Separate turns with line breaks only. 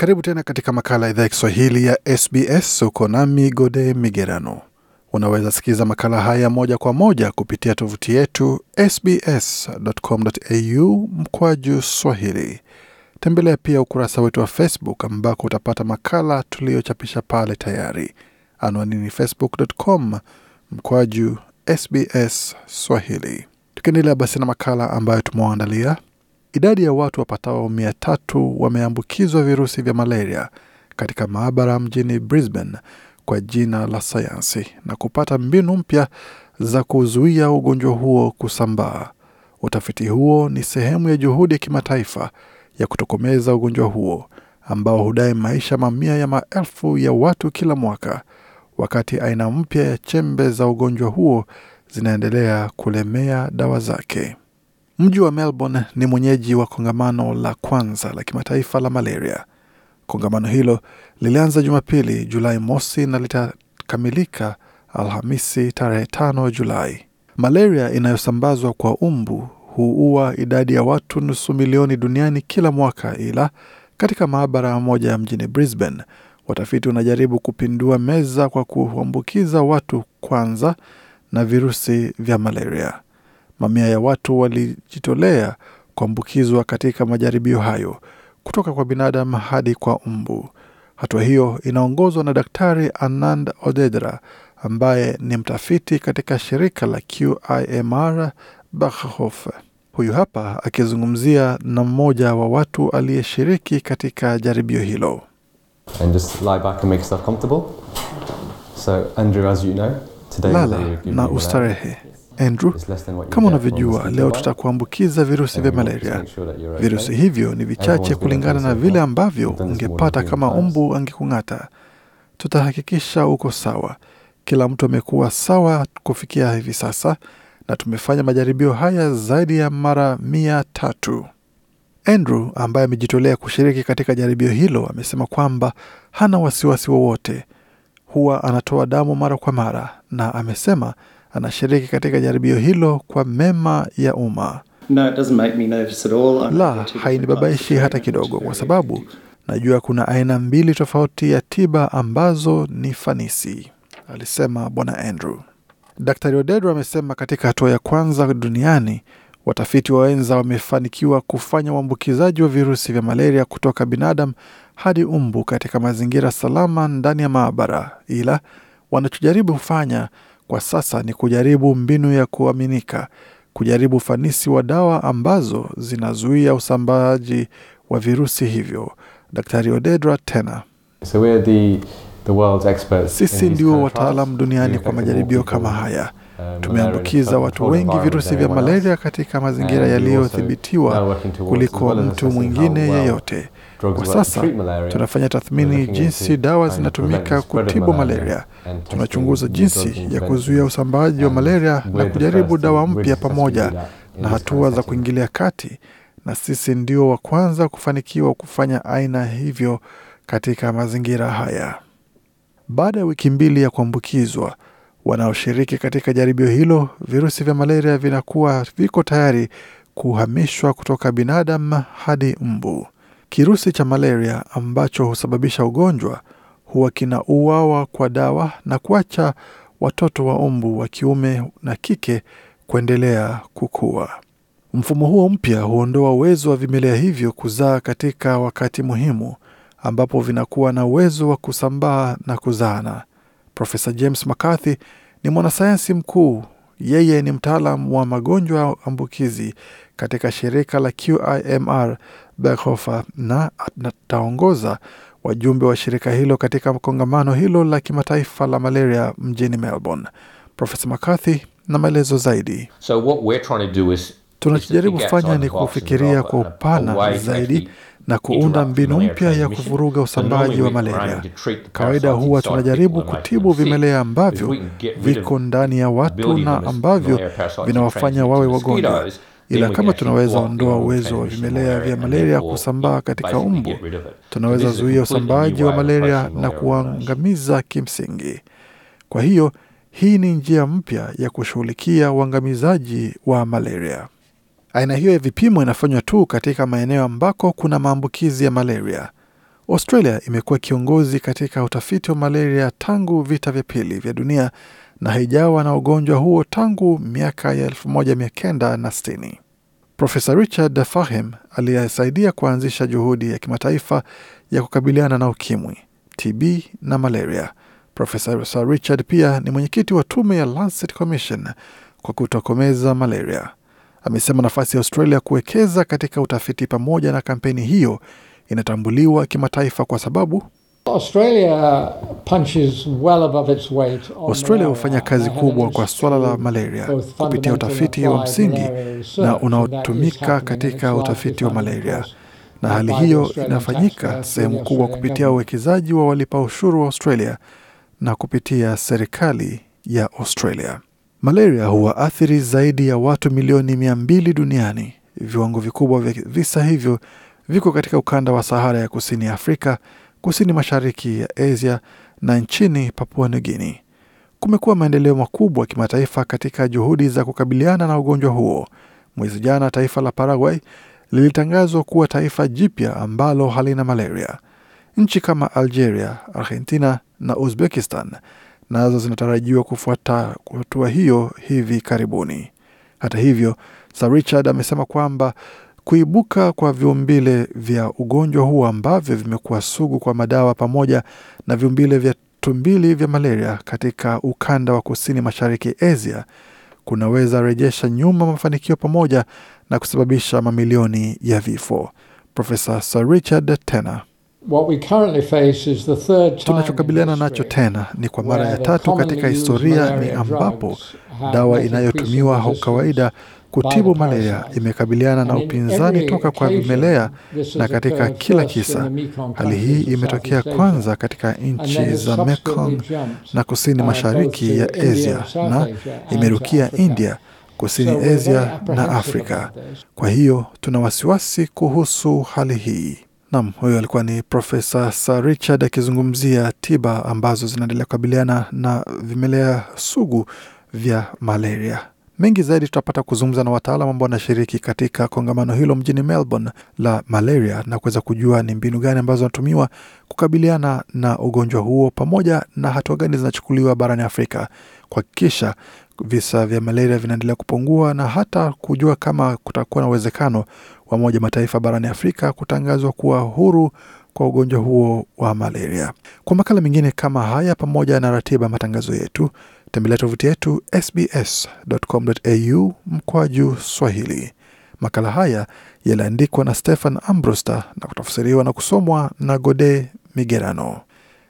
Karibu tena katika makala ya idhaa ya Kiswahili ya SBS. Uko nami Gode Migerano. Unaweza sikiliza makala haya moja kwa moja kupitia tovuti yetu sbs.com.au mkwaju swahili. Tembelea pia ukurasa wetu wa Facebook ambako utapata makala tuliyochapisha pale tayari. Anwani ni facebook.com mkwaju sbs swahili. Tukiendelea basi na makala ambayo tumewaandalia idadi ya watu wapatao mia tatu wameambukizwa virusi vya malaria katika maabara mjini Brisbane kwa jina la sayansi na kupata mbinu mpya za kuzuia ugonjwa huo kusambaa. Utafiti huo ni sehemu ya juhudi ya kimataifa ya kutokomeza ugonjwa huo ambao hudai maisha mamia ya maelfu ya watu kila mwaka, wakati aina mpya ya chembe za ugonjwa huo zinaendelea kulemea dawa zake. Mji wa Melbourne ni mwenyeji wa kongamano la kwanza la kimataifa la malaria. Kongamano hilo lilianza Jumapili, Julai mosi na litakamilika Alhamisi tarehe 5 Julai. Malaria inayosambazwa kwa umbu huua idadi ya watu nusu milioni duniani kila mwaka, ila katika maabara moja mjini Brisbane watafiti wanajaribu kupindua meza kwa kuambukiza watu kwanza na virusi vya malaria. Mamia ya watu walijitolea kuambukizwa katika majaribio hayo kutoka kwa binadamu hadi kwa mbu. Hatua hiyo inaongozwa na Daktari Anand Odedra ambaye ni mtafiti katika shirika la QIMR Bahof. Huyu hapa akizungumzia na mmoja wa watu aliyeshiriki katika jaribio hilo. Lala na ustarehe Andrew, kama unavyojua, leo tutakuambukiza virusi vya malaria. Virusi hivyo ni vichache kulingana na vile ambavyo ungepata kama mbu angekung'ata. Tutahakikisha uko sawa. Kila mtu amekuwa sawa kufikia hivi sasa, na tumefanya majaribio haya zaidi ya mara mia tatu. Andrew ambaye amejitolea kushiriki katika jaribio hilo amesema kwamba hana wasiwasi wowote, huwa anatoa damu mara kwa mara, na amesema anashiriki katika jaribio hilo kwa mema ya umma. No, la, hainibabaishi hata kidogo, kwa sababu najua kuna aina mbili tofauti ya tiba ambazo ni fanisi, alisema Bwana Andrew. Daktari Odedo amesema katika hatua ya kwanza duniani watafiti wa wenza wamefanikiwa kufanya uambukizaji wa virusi vya malaria kutoka binadamu hadi umbu katika mazingira salama ndani ya maabara, ila wanachojaribu kufanya kwa sasa ni kujaribu mbinu ya kuaminika, kujaribu ufanisi wa dawa ambazo zinazuia usambaaji wa virusi hivyo. Daktari Odedra tena so the, the world's experts sisi ndio wataalam duniani kwa majaribio kama haya. Uh, Tumeambukiza watu wengi virusi vya malaria katika mazingira yaliyothibitiwa kuliko mtu mwingine yeyote. Kwa sasa tunafanya tathmini jinsi dawa zinatumika kutibu malaria. Tunachunguza jinsi ya kuzuia usambaaji wa malaria na kujaribu dawa mpya pamoja na hatua za kuingilia kati, na sisi ndio wa kwanza kufanikiwa kufanya aina hivyo katika mazingira haya. Baada ya wiki mbili ya kuambukizwa wanaoshiriki katika jaribio hilo, virusi vya malaria vinakuwa viko tayari kuhamishwa kutoka binadamu hadi mbu. Kirusi cha malaria ambacho husababisha ugonjwa huwa kinauawa kwa dawa na kuacha watoto wa umbu wa kiume na kike kuendelea kukua. Mfumo huo mpya huondoa uwezo wa vimelea hivyo kuzaa katika wakati muhimu ambapo vinakuwa na uwezo wa kusambaa na kuzaana. Profesa James McCarthy ni mwanasayansi mkuu yeye ni mtaalam wa magonjwa ambukizi katika shirika la QIMR Berghofer na ataongoza wajumbe wa shirika hilo katika kongamano hilo la kimataifa la malaria mjini Melbourne. Profesa McCarthy na maelezo zaidi. So what we're trying to do is Tunachojaribu kufanya ni kufikiria kwa upana zaidi na kuunda mbinu mpya ya kuvuruga usambaji wa malaria. Kawaida huwa tunajaribu kutibu vimelea ambavyo viko ndani ya watu na ambavyo vinawafanya wawe wagonjwa, ila kama tunaweza ondoa uwezo wa vimelea vya malaria kusambaa katika umbu, tunaweza zuia usambaaji wa malaria na kuangamiza kimsingi. Kwa hiyo hii ni njia mpya ya kushughulikia uangamizaji wa malaria. Aina hiyo ya vipimo inafanywa tu katika maeneo ambako kuna maambukizi ya malaria. Australia imekuwa kiongozi katika utafiti wa malaria tangu vita vya pili vya dunia na haijawa na ugonjwa huo tangu miaka ya 1960. Profesa Richard Defahem aliyesaidia kuanzisha juhudi ya kimataifa ya kukabiliana na ukimwi, TB na malaria. Profesa Richard pia ni mwenyekiti wa tume ya Lancet Commission kwa kutokomeza malaria amesema nafasi ya Australia kuwekeza katika utafiti pamoja na kampeni hiyo inatambuliwa kimataifa kwa sababu Australia hufanya kazi kubwa kwa swala la malaria kupitia utafiti wa msingi na unaotumika katika utafiti wa malaria, na hali hiyo inafanyika sehemu kubwa kupitia uwekezaji wa walipa ushuru wa Australia na kupitia serikali ya Australia. Malaria huwaathiri zaidi ya watu milioni mia mbili duniani. Viwango vikubwa vya visa hivyo viko katika ukanda wa Sahara ya kusini Afrika, kusini mashariki ya Asia na nchini Papua New Guinea. Kumekuwa maendeleo makubwa kimataifa katika juhudi za kukabiliana na ugonjwa huo. Mwezi jana taifa la Paraguay lilitangazwa kuwa taifa jipya ambalo halina malaria. Nchi kama Algeria, Argentina na Uzbekistan nazo zinatarajiwa kufuata hatua hiyo hivi karibuni. Hata hivyo, Sir Richard amesema kwamba kuibuka kwa viumbile vya ugonjwa huo ambavyo vimekuwa sugu kwa madawa pamoja na viumbile vya tumbili vya malaria katika ukanda wa kusini mashariki Asia kunaweza rejesha nyuma mafanikio pamoja na kusababisha mamilioni ya vifo. Profesa Sir Richard tena Tunachokabiliana nacho tena ni kwa mara ya tatu katika historia ni ambapo dawa inayotumiwa kwa kawaida kutibu malaria imekabiliana na upinzani toka kwa vimelea na katika kila kisa. Hali hii imetokea kwanza katika nchi za Mekong na kusini uh, mashariki ya Asia na imerukia India, kusini Asia na Afrika. Kwa hiyo tuna wasiwasi kuhusu hali hii. Nam, huyo alikuwa ni Profesa Sir Richard akizungumzia tiba ambazo zinaendelea kukabiliana na vimelea sugu vya malaria. Mengi zaidi tutapata kuzungumza na wataalam ambao wanashiriki katika kongamano hilo mjini Melbourne la malaria na kuweza kujua ni mbinu gani ambazo zinatumiwa kukabiliana na ugonjwa huo pamoja na hatua gani zinachukuliwa barani Afrika kuhakikisha visa vya malaria vinaendelea kupungua na hata kujua kama kutakuwa na uwezekano wa Umoja Mataifa barani Afrika kutangazwa kuwa huru kwa ugonjwa huo wa malaria. Kwa makala mengine kama haya, pamoja na ratiba ya matangazo yetu, tembelea tovuti yetu sbs.com.au mkwaju Swahili. Makala haya yaliandikwa na Stefan Ambroster na kutafsiriwa na kusomwa na Gode Migerano.